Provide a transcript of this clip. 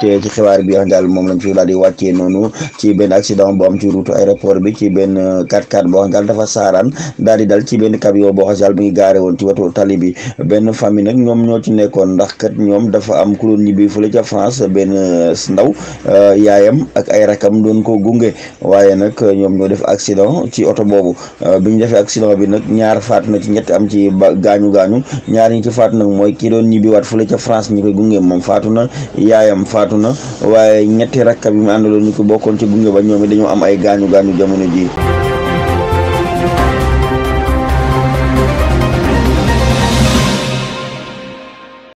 te ci xibaar bi daal moom lañ fi daal di wàccee noonu ci benn accident bu am ci route aéroport bi ci benn 4 x boo xam dafa saaraan daal di dal ci benn camion boo xam daal ngi gaare woon ñoom ñoo ci nekkoon ndax ñoom dafa am ku doon ñibbi fële ca France euh, ak ay rakam doon ko gunge waaye nag ñoom ñoo def accident ci oto boobu euh, bi ñu defee accident bi nag ñaar faat na ci ñett am ci gaañu gaañu ñaar ñi ci faatu nag mooy ki doon ñibbi waat fële ca France ñi koy gunge moom faatu na yaayam faatu faatu na waaye ñetti rakkam yi mu àndaloon ñu ko bokkoon ci gunge ba ñoomi dañoo am ay gaañu gaañu jamono ji